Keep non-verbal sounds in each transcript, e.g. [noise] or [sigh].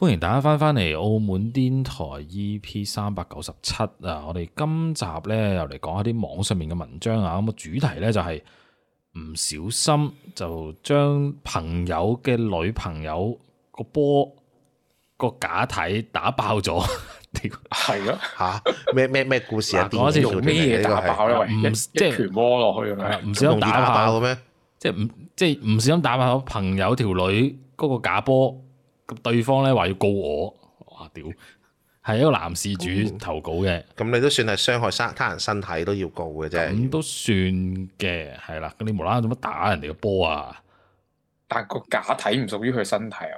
歡迎大家翻翻嚟澳門癲台 EP 三百九十七啊！我哋今集咧又嚟講下啲網上面嘅文章啊，咁啊主題咧就係唔小心就將朋友嘅女朋友個波個假體打爆咗，係咯吓，咩咩咩故事啊？用咩嘢打爆咧？唔即係拳窩落去啊？唔小心打爆咗咩？即係唔即係唔小心打爆朋友條女嗰個假波？咁對方咧話要告我，哇屌！係一個男事主投稿嘅，咁、嗯、你都算係傷害他人身體都要告嘅啫，咁都算嘅，係啦。咁你無啦啦做乜打人哋個波啊？但個假體唔屬於佢身體啊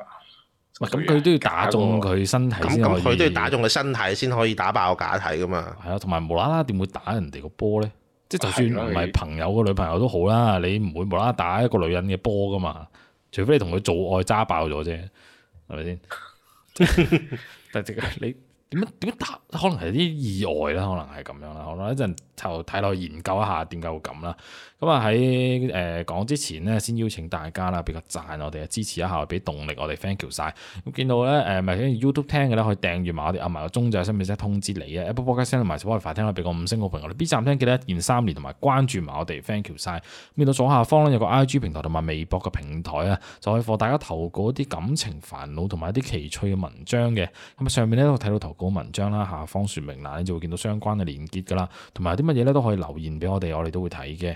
嘛，咁佢都要打中佢身體，佢都要打中佢身體先可以打爆個假體噶嘛。係啊，同埋無啦啦點會打人哋個波咧？即係就算唔係朋友個女朋友都好啦，你唔會無啦啦打一個女人嘅波噶嘛？除非你同佢做愛揸爆咗啫。係咪先？即係你點樣點樣打？可能係啲意外啦，可能係咁樣啦。我一陣就睇落研究一下，點解會咁啦。咁啊！喺誒、嗯呃、講之前呢，先邀請大家啦，俾個讚我哋支持一下，俾動力我哋。Thank you 晒、啊！咁見到咧誒，咪、呃、YouTube 聽嘅咧可以訂閱埋我哋，啊埋個鐘仔，上面先通知你啊。Apple Podcast 同埋 Spotify 聽咧俾個五星好評我哋。B 站聽記得一鍵三連，同埋關注埋我哋。Thank you 曬、啊。見到左下方咧有個 IG 平台同埋微博嘅平台啊，就可以幫大家投稿一啲感情煩惱同埋一啲奇趣嘅文章嘅。咁啊，上面咧都睇到投稿文章啦、啊，下方説明欄你就會見到相關嘅連結噶啦，同埋啲乜嘢咧都可以留言俾我哋，我哋都會睇嘅。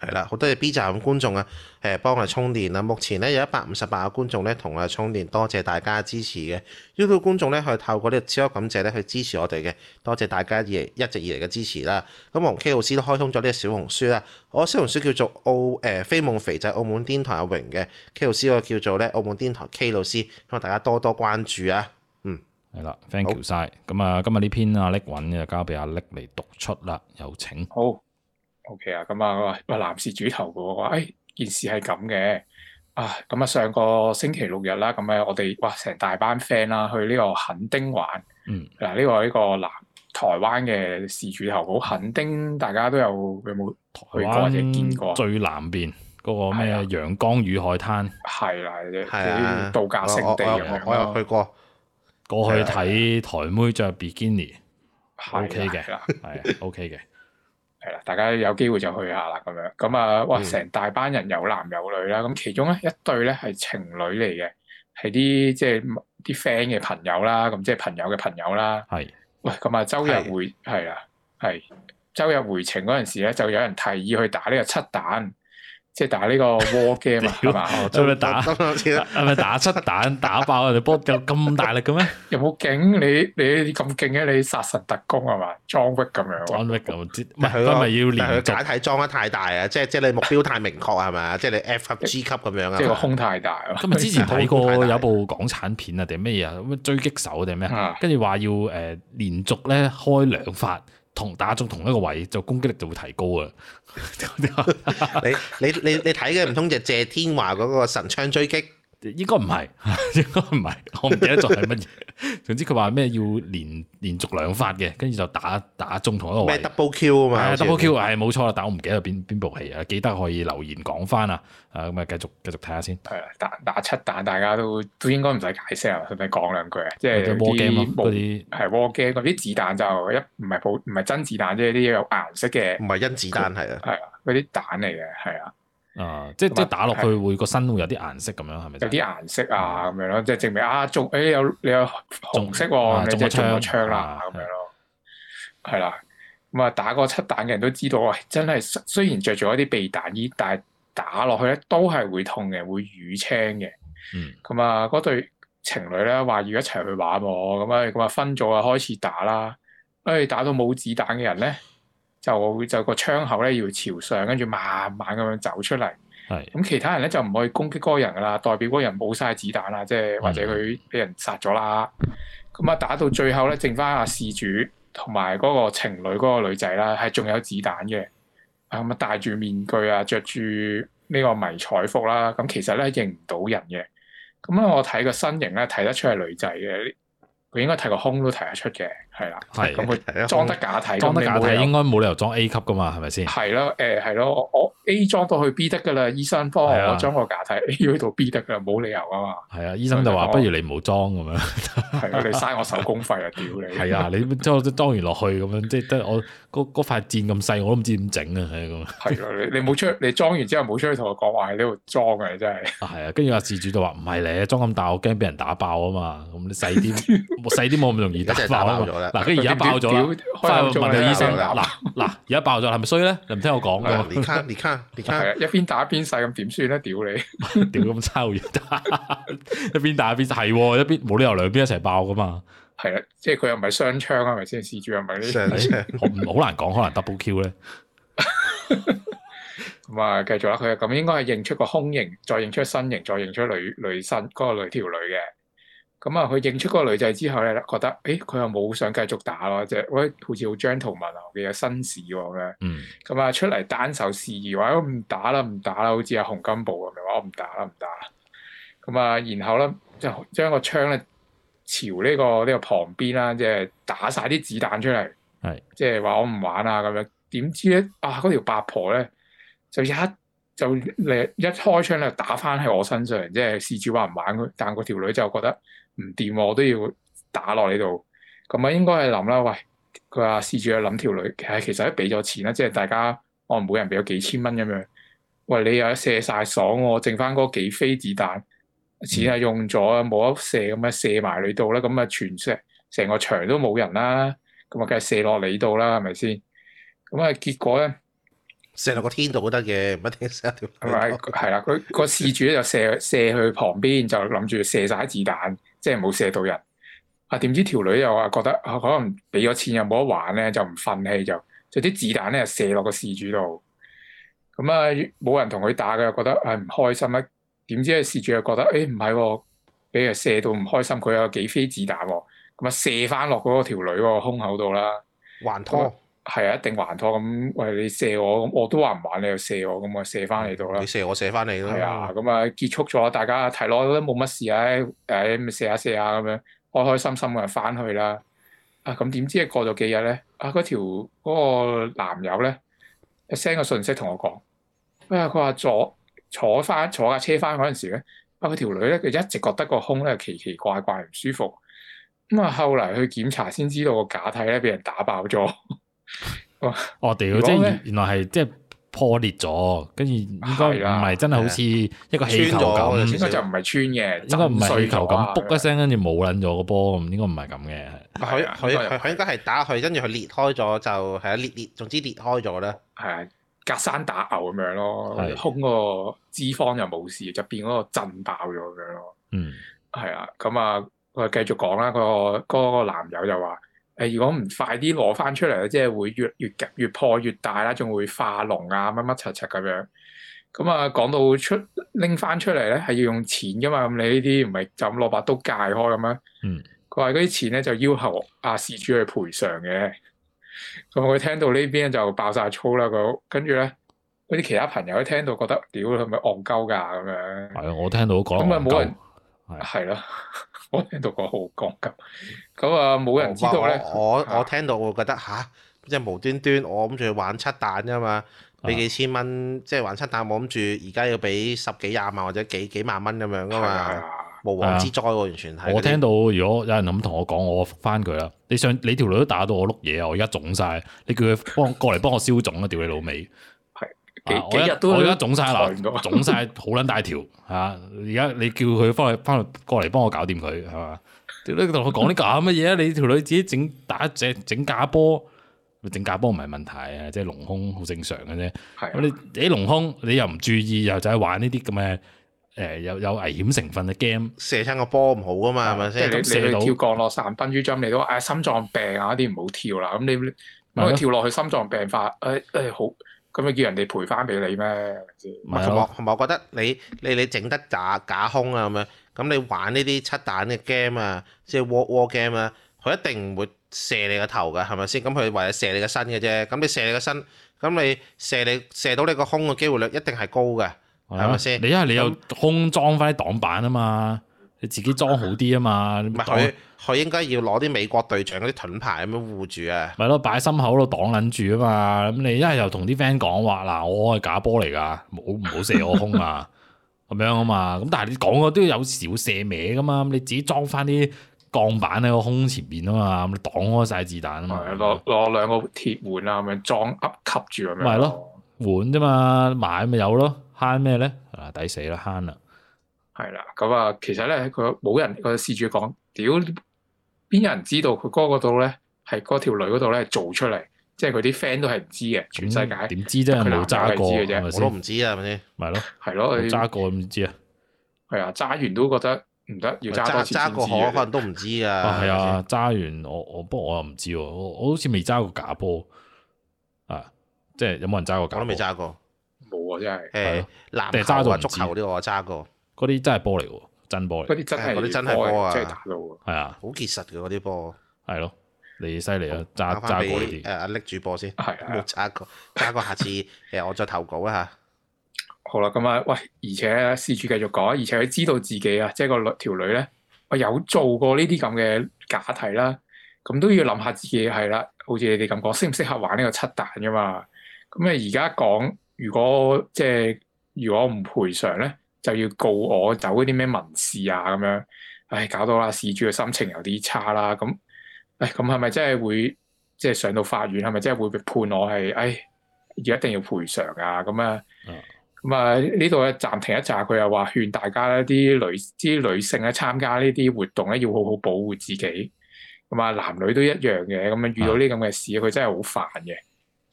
係啦，好多謝 B 站嘅觀眾啊，誒，幫我哋充電啦、啊！目前咧有一百五十八個觀眾咧同我哋充電，多謝大家支持嘅。YouTube 觀眾咧可透過呢個超級感謝咧去支持我哋嘅，多謝大家以一,一直以嚟嘅支持啦。咁黃 K 老師都開通咗呢個小紅書啦，我小紅書叫做澳誒飛、呃、夢肥仔、就是、澳門電台阿榮嘅，K 老師我叫做咧澳門電台 K 老師，希望大家多多關注啊。嗯好，係啦，thank you 晒。咁啊，今日呢篇阿力穩就交俾阿力嚟讀出啦。有請。好。O.K. 啊、嗯，咁啊，話男士主頭嘅喎，誒、哎、件事係咁嘅啊，咁啊上個星期六日啦，咁啊我哋哇成大班 friend 啦，去呢個墾丁玩。嗯、這個，嗱、這、呢個呢個南台灣嘅事主頭好墾丁，大家都有有冇去過或者見過？最南邊嗰、那個咩陽、啊、光與海灘？係啦、啊，啲度、啊、假勝地我有去過，過去睇台妹着比基尼，O.K. 嘅，係 O.K. 嘅。 [laughs] 係啦，大家有機會就去下啦咁樣，咁啊，哇，成大班人有男有女啦，咁、嗯、其中咧一對咧係情侶嚟嘅，係啲即係啲 friend 嘅朋友啦，咁即係朋友嘅、就是、朋友啦。係是，喂，咁啊，週日回係啦，係週是日回程嗰陣時咧，就有人提議去打呢個七蛋。即係打呢個 war game 啊，係打？係咪打七蛋，打爆人哋波？有咁大力嘅咩？有冇勁？你你咁勁嘅，你殺神特工係嘛？裝逼咁樣。裝逼咁，唔係佢咪要練？解體裝得太大啊！即係即係你目標太明確係嘛？即係你 F 級 G 級咁樣啊！即係個胸太大。咁啊！之前睇過有部港產片啊，定咩嘢啊？咁追擊手定咩？跟住話要誒，連續咧開兩發。同打中同一個位，就攻擊力就會提高啊！ [laughs] [laughs] 你你你你睇嘅唔通就謝天華嗰個神槍追擊？應該唔係，應該唔係，我唔記得咗係乜嘢。 [laughs] 總之佢話咩要連連續兩發嘅，跟住就打打中同一個位。咩 double Q 啊嘛？係 double Q，係冇錯啦。但我唔記得係邊邊部戲啊，記得可以留言講翻啊。啊，咁啊，繼續繼續睇下先。係啦、啊，打打漆彈大家都都應該唔使解釋，順便講兩句啊，即係啲係 war game 嗰啲子彈就一唔係唔係真子彈啫，啲有顏色嘅。唔係因子彈係啊，係啊，嗰啲彈嚟嘅係啊。啊！即係即係打落去會個身會有啲顏色咁樣，係咪？有啲顏色啊，咁樣咯，即係證明啊，中，誒有有紅色喎，中咗槍啦，咁樣咯，係啦。咁啊，打過七彈嘅人都知道，喂，真係雖然着咗一啲避彈衣，但係打落去咧都係會痛嘅，會瘀青嘅。嗯。咁啊，嗰對情侶咧話要一齊去玩喎，咁啊，咁啊分咗啊，開始打啦。誒，打到冇子彈嘅人咧？就就個窗口咧要朝上，跟住慢慢咁樣走出嚟。係咁的，其他人咧就唔可以攻擊嗰人噶啦，代表嗰人冇晒子彈啦，即係或者佢俾人殺咗啦。咁啊的，打到最後咧，剩返阿事主同埋嗰個情侶嗰個女仔啦，係仲有子彈嘅。咁啊，戴住面具啊，着住呢個迷彩服啦。咁其實咧認唔到人嘅。咁咧，我睇個身形咧睇得出係女仔嘅，佢應該睇個胸都睇得出嘅。係啦，係咁佢裝得假體，裝得假體應該冇理由裝 A 級噶嘛，係咪先？係咯，誒係咯，我 A 裝到去 B 得噶啦，醫生幫我裝個假體喺度 B 得噶啦，冇理由噶嘛。係啊，醫生就話不如你唔裝咁樣，你嘥我手工費啊！屌你！係啊，你裝完落去咁樣，即係得我嗰嗰塊賤咁細，我都唔知點整啊！係咁。係你冇出，你裝完之後冇出去同我講話喺度裝啊！你真係。係啊，跟住阿事主就話唔係咧，裝咁大我驚俾人打爆啊嘛，咁你細啲細啲冇咁容易打爆。嗱，跟住而家爆咗，翻去問下醫生。嗱嗱，而家、啊、爆咗，係咪衰咧？你唔聽我講㗎、啊？你卡你卡你卡，係一邊打一邊細咁點算咧？屌你！屌咁抽嘢打，一邊打一邊細，係 [laughs] [laughs] 一邊冇、哦、理由兩邊一齊爆噶嘛？係啦，即係佢又唔係雙、啊啊、雙槍，係咪先？C G 唔咪？呢啲，好難講，可能 Double Q 咧。咁啊，繼續啦，佢咁應該係認出個胸型，再認出身形，再認出女女身嗰、那個女條女嘅。咁啊，佢認出嗰個女仔之後咧，覺得，誒，佢又冇想繼續打咯，即係，喂，好似好 gentleman 嘅紳士喎咁樣。嗯。咁啊，出嚟單手示意，話我唔打啦，唔打啦，好似阿洪金寶咁樣話我唔打啦，唔打啦。咁啊，然後咧就將個槍咧朝呢個呢個旁邊啦，即係打晒啲子彈出嚟。係。即係話我唔玩啊咁樣。點知咧，啊嗰條八婆咧就一～就嚟一開槍咧，打翻喺我身上，即係事主話唔玩，但個條女就覺得唔掂，我都要打落你度。咁啊，應該係諗啦，喂，佢話事主去諗條女，其實其實一俾咗錢啦，即係大家我唔每人俾咗幾千蚊咁樣，喂，你又射晒爽，我，剩翻嗰幾飛子彈，錢啊用咗，冇得射咁啊射埋你度啦，咁啊全石成個場都冇人啦，咁啊梗係射落你度啦，係咪先？咁啊結果咧？射落個天度都得嘅，唔一定射一條。係咪？ [laughs] [laughs] 係啦，佢個事主咧就射射去旁邊，就諗住射晒啲子彈，即係冇射到人。啊，點知條女又話覺得可能俾咗錢又冇得玩咧，就唔忿氣，就就啲子彈咧射落個事主度。咁啊，冇人同佢打嘅，覺得係唔開心啊？點知事主又覺得誒唔係，俾、哎、人射到唔開心，佢有幾飛子彈，咁啊射翻落嗰條女個胸口度啦，還拖托。係啊，一定還拖咁、嗯、喂，你射我咁、嗯，我都話唔還你又射我咁啊，射翻你度啦！你射我射翻你啦！係啊、哎，咁啊結束咗，大家睇落，都冇乜事咧，誒咪射下射下咁樣，開開心心咁樣翻去啦。啊，咁點知過咗幾日咧，啊，嗰條嗰個男友咧，send 個信息同我講啊，佢話坐坐翻坐架車翻嗰陣時咧，啊佢條女咧佢一直覺得個胸咧奇奇怪怪唔舒服，咁啊後嚟去檢查先知道個假體咧俾人打爆咗。 [laughs] 哦，我屌，即係原來係即係破裂咗，跟住應該唔係真係好似一個氣球咁，應該就唔係穿嘅，應該唔係氣球咁，卜一聲跟住冇捻咗個波，應該唔係咁嘅。佢佢佢應該係打佢，跟住佢裂開咗，就係啊裂裂，總之裂開咗咧。係隔山打牛咁樣咯，的空個脂肪就冇事，就變嗰個震爆咗咁樣咯。嗯，係啊，咁啊，我哋繼續講啦，嗰個嗰、嗰個男友就話。誒，如果唔快啲攞翻出嚟，即係會越越越破越大啦，仲會化膿啊，乜乜柒柒咁樣，樣。咁、嗯、啊，講到出拎翻出嚟咧，係要用錢噶嘛，咁你、嗯、呢啲唔係就咁攞把刀界開咁樣。嗯。佢話嗰啲錢咧就要求阿事主去賠償嘅。咁佢聽到呢邊就爆晒粗啦，佢跟住咧嗰啲其他朋友一聽到覺得屌，係咪戇鳩噶咁樣？係啊，我聽到講戇鳩。係係咯。的我聽到個好光急，咁啊冇人知道咧。我我聽到我覺得吓，即係無端端我諗住玩七蛋啫嘛，俾幾千蚊，啊、即係玩七蛋，我諗住而家要俾十幾廿萬或者幾幾萬蚊咁樣噶嘛，無妄之災喎、啊，啊、完全係。我聽到如果有人咁同我講，我覆翻佢啦。你想你條女都打到我碌嘢啊！我而家腫晒，你叫佢幫 [laughs] 過嚟幫我消腫啊！屌你老味。幾日都腫晒、啊，腫晒好撚大條吓！而家你叫佢翻去翻去過嚟幫我搞掂佢係嘛？你同佢講啲咁乜嘢啊？你條女自己整打隻整假波，整假波唔係問題啊，即係隆胸好正常嘅啫。咁你你隆胸你又唔注意，又就係玩呢啲咁嘅誒，有有危險成分嘅 game，射親個波唔好噶嘛，係咪先？即、嗯、到跳降落傘、蹦珠 jump，你都啊心臟病啊啲唔好跳啦。咁你咁跳落去，的心臟病發誒誒好。咁咪叫人哋賠翻俾你咩？係，同埋我覺得你你你整得假假空啊咁樣，咁你玩呢啲七彈嘅 game 啊，即係 war game 啊，佢一定唔會射你個頭噶，係咪先？咁佢為咗射你個身嘅啫，咁你射你個身，咁你射你射到你個空嘅機會率一定係高嘅，係咪先？你因為你有空裝翻啲擋板啊嘛。你自己裝好啲啊嘛，唔係佢佢，應該要攞啲美國隊長嗰啲盾牌咁樣護住啊，咪咯擺喺心口度擋緊住啊嘛，咁你一係又同啲 friend 講話嗱，我係假波嚟噶，冇，唔好射我胸啊，咁樣啊嘛，咁但係你講嘅都有少射歪噶嘛，你自己裝翻啲鋼板喺個胸前邊啊嘛，咁你擋開晒子彈啊嘛，攞攞兩個鐵碗啊咁樣裝吸住咁樣，咪咯碗啫嘛，買咪有咯，慳咩咧啊？抵死啦慳啦。係啦，咁啊，其實咧，佢冇人個事主講，屌邊有人知道佢哥嗰度咧，係嗰條女嗰度咧做出嚟？即係佢啲 friend 都係唔知嘅，全世界點知啫？佢冇揸過，我都唔知啊，係咪先？係咯，係咯，揸過點知啊？係啊，揸完都覺得唔得，要揸揸過可能都唔知啊。係啊，揸完我我不過我又唔知，我好似未揸過假波啊，即係有冇人揸過假波？我都未揸過，冇啊，真係誒，揸加人足球呢個我揸過。嗰啲真係波嚟嘅，真波嚟。嗰啲真係，嗰啲真係波啊！追打咯，係啊，好結實嘅嗰啲波。係咯，你犀利啊！揸揸過呢啲。誒，阿力主播先，係啊，揸過，揸過。下次誒，我再投稿啊吓。好啦，咁啊，喂，而且事主繼續講，而且佢知道自己啊，即係個女條女咧，我有做過呢啲咁嘅假體啦，咁都要諗下自己係啦。好似你哋咁講，適唔適合玩呢個七彈嘅嘛？咁你而家講，如果即係如果我唔賠償咧？就要告我走嗰啲咩民事啊，咁樣，唉、哎，搞到啦！事主嘅心情有啲差啦，咁，唉、哎，咁係咪真係會即係上到法院，係咪真係會判我係唉而一定要賠償啊？咁啊，咁啊呢度咧暫停一陣，佢又話勸大家咧啲女啲女性咧參加呢啲活動咧要好好保護自己，咁啊男女都一樣嘅，咁樣遇到呢咁嘅事佢、啊、真係好煩嘅，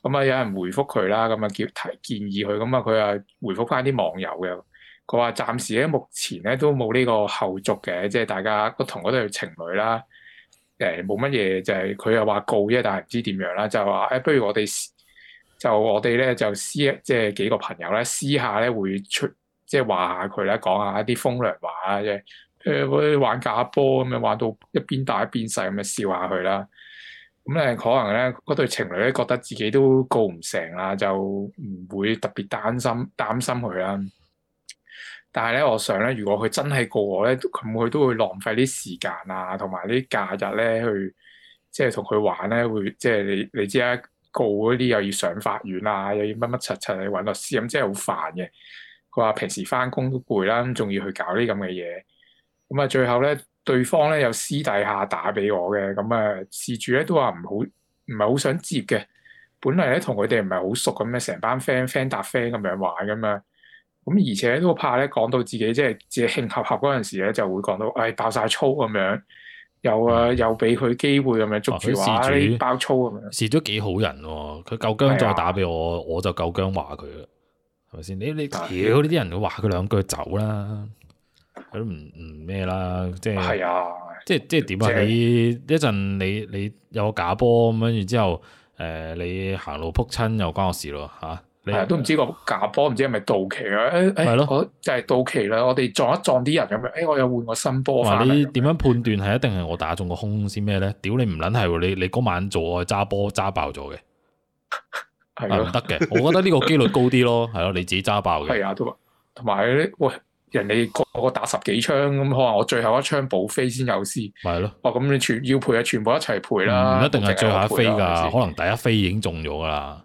咁啊有人回覆佢啦，咁啊叫提建議佢，咁啊佢啊回覆翻啲網友嘅。佢話暫時咧，目前咧都冇呢個後續嘅，即係大家同嗰對情侶啦，誒冇乜嘢，就係佢又話告啫，但係唔知點樣啦，就話誒、哎，不如我哋就我哋咧就私即係幾個朋友咧，私下咧會出即係話下佢咧，講下一啲風涼話啊，即係會、呃、玩假波咁樣玩到一邊大一邊細咁樣笑下佢啦。咁咧可能咧嗰對情侶咧覺得自己都告唔成啊，就唔會特別擔心擔心佢啦。但係咧，我想咧，如果佢真係告我咧，咁佢都會浪費啲時間啊，同埋啲假日咧去即係同佢玩咧，會即係你你知啊，告嗰啲又要上法院啊，又要乜乜柒柒，去揾律師，咁真係好煩嘅。佢話平時翻工都攰啦，咁仲要去搞啲咁嘅嘢。咁啊，最後咧，對方咧又私底下打俾我嘅，咁啊，事主咧都話唔好，唔係好想接嘅。本嚟咧同佢哋唔係好熟咁咧，成班 friend friend 搭 friend 咁樣玩咁樣。咁而且都怕咧，講到自己即係即係興合合嗰陣時咧，就會講到，哎，爆晒粗咁樣，又、嗯、又啊又俾佢機會咁樣捉住事主，爆粗咁樣，事主都幾好人喎，啊，佢夠姜再打俾我，啊、我就夠姜話佢啦，係咪先？你你，屌呢啲人都話佢兩句走啦，佢都唔唔咩啦，即係係啊，即係即係點啊？即你一陣你你，你有個假波咁樣，然之後誒、呃、你行路扑親又關我事咯吓。啊都唔知個假波，唔知係咪到期啊？係咯的，哎、就係到期啦。我哋撞一撞啲人咁樣，誒、哎，我又換個新波翻嚟。你點樣判斷係一定係我打中個空先咩咧？屌你唔撚係喎！你你嗰晚做我揸波揸爆咗嘅，係唔得嘅。我覺得呢個幾率高啲咯，係咯， [laughs] 你自己揸爆嘅。係啊，都同埋喂，人哋個個打十幾槍咁，可能我最後一槍補飛先有事。係咯的。哇、哦，咁你全要賠啊，全部一齊賠啦。唔、嗯、一定係最後一飛噶，時可能第一飛已經中咗噶啦。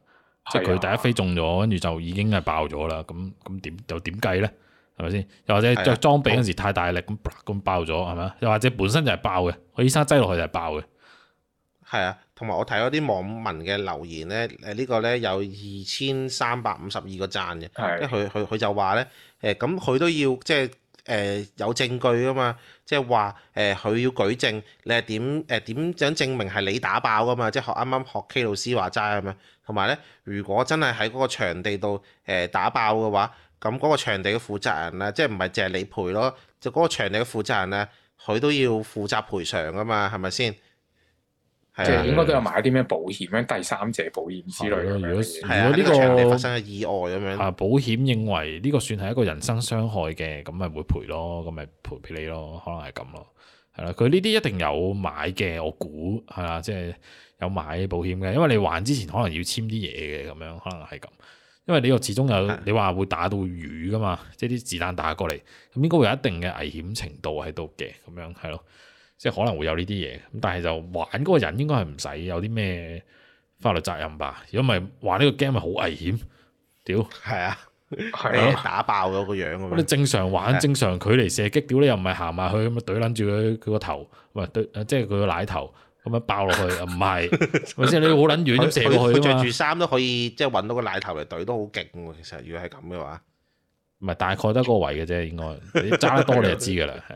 即係佢第一飛中咗，跟住、啊、就已經係爆咗啦。咁咁點又點計咧？係咪先？又或者著裝備嗰陣時太大力，咁咁、啊、爆咗係咪啊？又或者本身就係爆嘅，佢醫生擠落去就係爆嘅。係啊，同埋我睇嗰啲網民嘅留言咧，誒、這、呢個咧有二千三百五十二個讚嘅，啊、因為佢佢佢就話咧，誒咁佢都要即係。就是誒、呃、有證據噶嘛，即係話誒佢要舉證，你係點誒點想證明係你打爆噶嘛？即係學啱啱學 K 老師話齋咁樣，同埋咧，如果真係喺嗰個場地度誒、呃、打爆嘅話，咁嗰個場地嘅負責人咧，即係唔係淨係你賠咯，就、那、嗰個場地嘅負責人咧，佢都要負責賠償噶嘛，係咪先？即係應該都有買啲咩保險，咩第三者保險之類咯。如果如果呢個發生嘅意外咁樣，嚇保險認為呢個算係一個人身傷害嘅，咁咪會賠咯，咁咪賠俾你咯，可能係咁咯，係啦。佢呢啲一定有買嘅，我估係啦，即係、就是、有買保險嘅，因為你還之前可能要簽啲嘢嘅，咁樣可能係咁。因為你又始終有的你話會打到魚噶嘛，即係啲子彈打過嚟，咁應該會有一定嘅危險程度喺度嘅，咁樣係咯。即係可能會有呢啲嘢，咁但係就玩嗰個人應該係唔使有啲咩法律責任吧？如果唔係玩呢個 game 係好危險，屌係啊，係、嗯、打爆咗個樣咁。你、嗯、正常玩、啊、正常距離射擊，屌你又唔係行埋去咁樣，懟撚住佢佢個頭，唔係懟，即係佢個奶頭咁樣爆落去，唔係， [laughs] 咪先？ [laughs] 你好撚遠咁射過去，着住衫都可以，即係揾到個奶頭嚟懟都好勁喎。其實如果係咁嘅話，唔係大概得個位嘅啫，應該揸得多你就知噶啦。係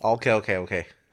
，OK OK OK。扎到，係，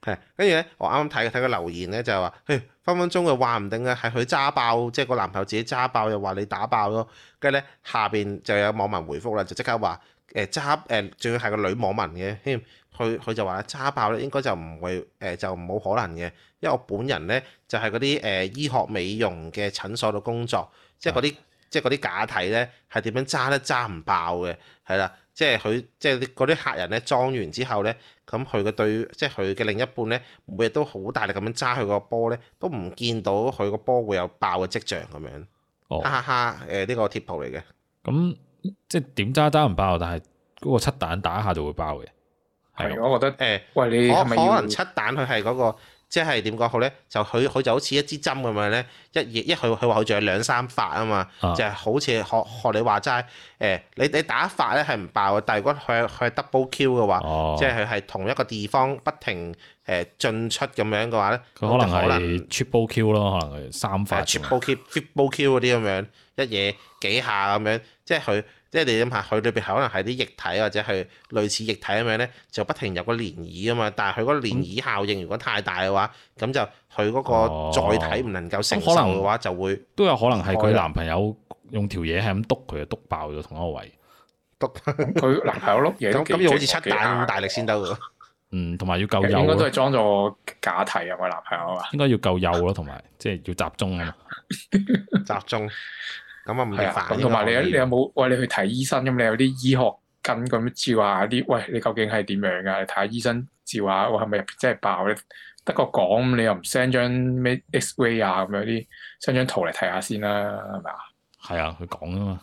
跟住咧，我啱啱睇睇個留言咧，就係話，誒分分鐘嘅話唔定嘅，係佢揸爆，即係個男朋友自己揸爆，又話你打爆咯。跟住咧，下邊就有網民回覆啦，就即刻話，誒揸誒，仲、呃、要係個女網民嘅，添，佢佢就話揸爆咧應該就唔會，誒、呃、就冇可能嘅，因為我本人咧就係嗰啲誒醫學美容嘅診所度工作，的即係嗰啲即係啲假體咧係點樣揸都揸唔爆嘅，係啦。即係佢，即係啲嗰啲客人咧裝完之後咧，咁佢嘅對，即係佢嘅另一半咧，每日都好大力咁樣揸佢個波咧，都唔見到佢個波會有爆嘅跡象咁樣。哦，哈哈，誒、這、呢個 tip 嚟嘅。咁即係點揸揸唔爆，但係嗰個七蛋打下就會爆嘅。係的，的我覺得、呃、喂，你，可可能七蛋佢係嗰個。即係點講好咧？就佢佢就好似一支針咁樣咧，一嘢一佢佢話佢仲有兩三發啊嘛，啊就係好似學學你話齋誒，你你打一發咧係唔爆，但係如果佢佢 double Q 嘅話，哦、即係佢係同一個地方不停誒、欸、進出咁樣嘅話咧，佢可能係 triple Q 咯，可能三、啊、發 triple triple Q 嗰啲咁樣一嘢幾下咁樣，即係佢。即係你諗下，佢裏邊可能係啲液體或者係類似液體咁樣咧，就不停有個漣漪啊嘛。但係佢嗰個漣漪效應如果太大嘅話，咁、嗯、就佢嗰個載體唔能夠承受嘅話，哦、就會都有可能係佢男朋友用條嘢係咁篤佢，篤爆咗同一個位。篤佢打 [laughs] 男朋友咯，咁要好似七蛋大力先得咯。嗯，同埋、嗯、要夠幼應該都係裝咗假體啊！我男朋友啊，應該要夠幼咯，同埋 [laughs] 即係要集中啊嘛， [laughs] [laughs] 集中。咁啊唔係咁，同埋你你有冇喂你去睇醫生咁？你有啲醫學根咁照下啲喂，你究竟係點樣㗎？你睇下醫生照下，我係咪真係爆咧？得個講你又唔 send 張咩 X-ray 啊咁樣啲 send 張圖嚟睇下先啦，係咪啊？係啊，佢講啊嘛，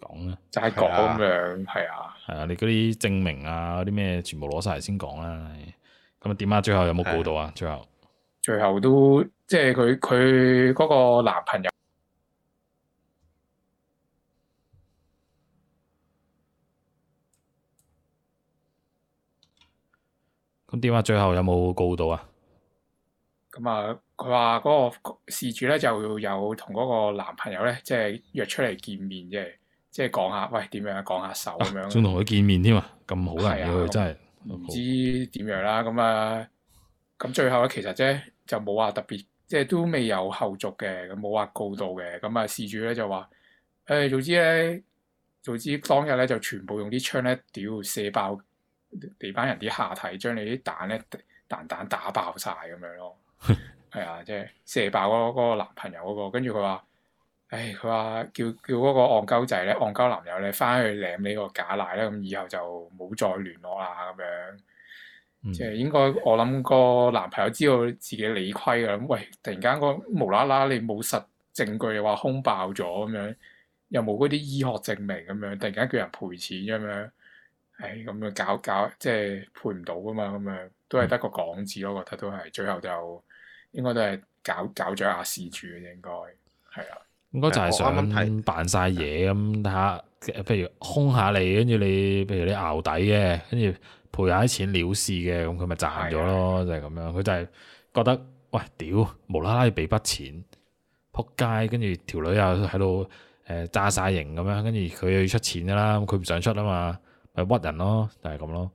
講啊，就係講咁樣，係啊，係啊，你嗰啲證明啊嗰啲咩全部攞晒嚟先講啦。咁啊點啊？最後有冇報導啊？最後，最後都即係佢佢嗰個男朋友。點啊？最後有冇告到啊？咁啊，佢話嗰個事主咧就有同嗰個男朋友咧，即係約出嚟見面，即係即係講下喂點樣，講下手咁、啊、樣。仲同佢見面添啊？咁好啊！真係唔知點樣啦。咁啊、嗯，咁、嗯、最後咧其實啫就冇話特別，即、就、係、是、都未有後續嘅，咁冇話告到嘅。咁啊，事主咧就話誒，早知咧早知當日咧就全部用啲槍咧屌射爆。地班人啲下體將你啲蛋咧蛋蛋打爆晒咁樣咯，係啊， [laughs] 即、就、係、是、射爆嗰嗰個男朋友嗰、那個，跟住佢話，唉，佢話叫叫嗰個戇鳩仔咧，戇鳩男友咧，翻去攞你個假奶啦。」咁以後就冇再聯絡啦咁樣。即係、嗯、應該我諗個男朋友知道自己理虧噶，喂，突然間嗰、那個、無啦啦你冇實證據又話胸爆咗咁樣，又冇嗰啲醫學證明咁樣，突然間叫人賠錢咁樣。誒咁樣，搞搞即係賠唔到噶嘛，咁樣都係得個講字咯，嗯、我覺得都係最後就應該都係搞搞咗阿事主嘅應該係啊，應該就係想扮晒嘢咁，睇下譬如空下你，跟住你譬如你熬底嘅，跟住賠下啲錢了事嘅，咁佢咪賺咗咯，是是 Leonardo, 就係咁樣，佢就係覺得喂，屌無啦啦要俾筆錢，仆街，ge, 跟住條女又喺度誒炸晒型咁樣，跟住佢又要出錢噶啦，佢唔想出啊嘛～係屈人咯，就係咁咯。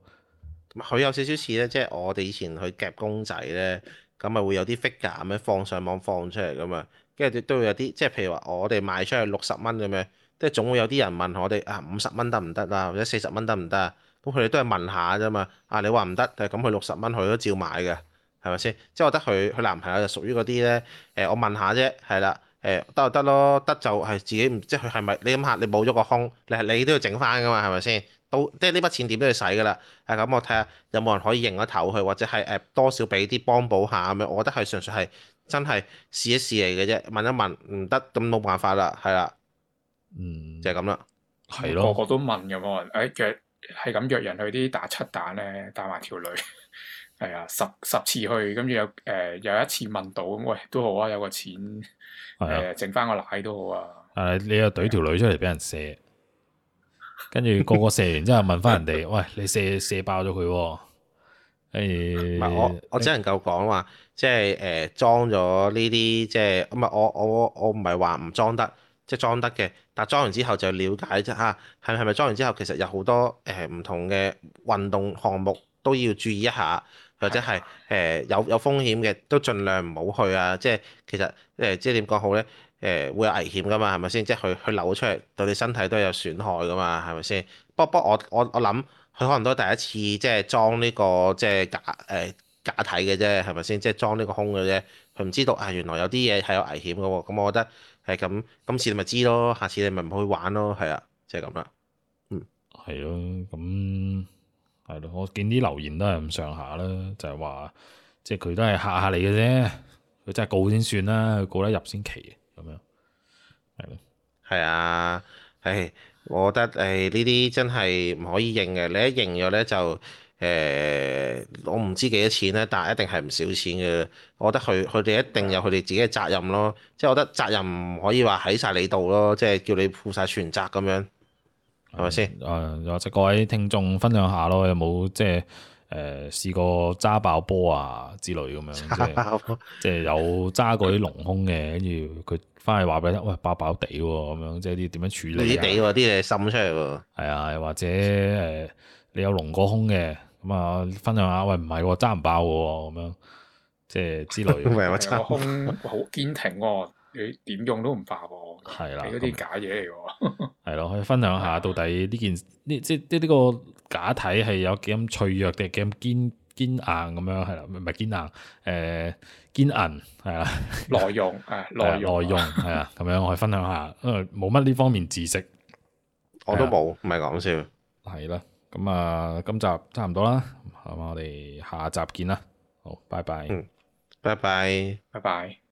佢有少少似咧，即係我哋以前去夾公仔咧，咁咪會有啲 figure 咁樣放上網放出嚟咁啊。跟住都會有啲，即係譬如話我哋賣出去六十蚊咁樣，即係總會有啲人問我哋啊五十蚊得唔得啊？或者四十蚊得唔得？咁佢哋都係問下啫嘛。啊，你話唔得，但係咁佢六十蚊佢都照買嘅，係咪先？即係我覺得佢，佢男朋友就屬於嗰啲咧。誒，我問下啫，係啦，誒得就得咯，得就係自己唔即係佢係咪？你諗下，你冇咗個空，你係你都要整翻噶嘛，係咪先？都即係呢筆錢點都要使㗎啦。係、啊、咁，我睇下有冇人可以認個頭去，或者係誒、啊、多少俾啲幫補下咁樣。我覺得係純粹係真係試一試嚟嘅啫。問一問，唔得咁冇辦法啦，係啦、啊，嗯，就係咁啦。係咯，個個都問㗎嘛。誒約係咁約人去啲打七蛋咧，帶埋條女 ımı,。係啊，十十次去，跟住有誒有、呃、一次問到咁、嗯，喂，都好啊，有個錢誒，剩翻、哎呀呃、個奶都好啊。係你又攣條女出嚟俾人射。對跟住個個射完之後問翻人哋， [laughs] 喂，你射射爆咗佢喎！跟住，唔係我我只能夠講話，即係誒裝咗呢啲，即係咁啊！我我我唔係話唔裝得，即係裝得嘅。但裝完之後就了解啫嚇，係係咪裝完之後其實有好多誒唔、呃、同嘅運動項目都要注意一下，或者係誒、呃、有有風險嘅都儘量唔好去啊！即係其實誒、呃，即係點講好咧？誒會有危險㗎嘛？係咪先？即係佢佢扭出嚟對你身體都有損害㗎嘛？係咪先？不過不過我我我諗佢可能都第一次即係裝呢個即係、就是這個、假誒、呃、假體嘅啫，係咪先？即係裝呢個胸嘅啫。佢唔知道啊，原來有啲嘢係有危險嘅喎。咁我覺得係咁、啊，今次你咪知咯，下次你咪唔去玩咯，係啊，即係咁啦。嗯，係咯，咁係咯，我見啲留言都係咁上下啦，就係、是、話即係佢都係嚇下你嘅啫，佢真係告先算啦，告得入先奇。係咯，係啊，誒、哎，我覺得誒呢啲真係唔可以認嘅。你一認咗呢，就、呃、誒，我唔知幾多錢呢，但係一定係唔少錢嘅。我覺得佢佢哋一定有佢哋自己嘅責任咯，即係我覺得責任唔可以話喺晒你度咯，即係叫你負晒全責咁樣，係咪先？誒的，或者的、啊、各位聽眾分享下咯，有冇即係？誒，試過揸爆波啊，之類咁樣， [laughs] 即係有揸過啲隆胸嘅，跟住佢返去話俾你聽，喂，爆爆地喎，哦，咁樣即係啲點樣處理？你地喎，啲嘢滲出嚟喎。係啊，或者誒、呃，你有隆過胸嘅，咁啊，分享下，喂，唔係喎，揸唔爆喎，哦，咁樣即係之類。唔係我揸胸好堅挺，哦，你點用都唔爆。係啦，係嗰啲假嘢嚟嘅，係咯， [laughs] 可以分享下到底呢件呢，即係呢個假體係有幾咁脆弱定幾咁堅堅硬咁樣。係啦，唔係堅硬，誒， [laughs] 堅硬係啊，耐用係耐 [laughs] 用係啊，咁樣我去分享下，因爲冇乜呢方面知識，我都冇，唔係講笑，係啦，咁啊，今集差唔多啦，咁嘛，我哋下集見啦，好，拜拜，嗯，拜拜，拜拜。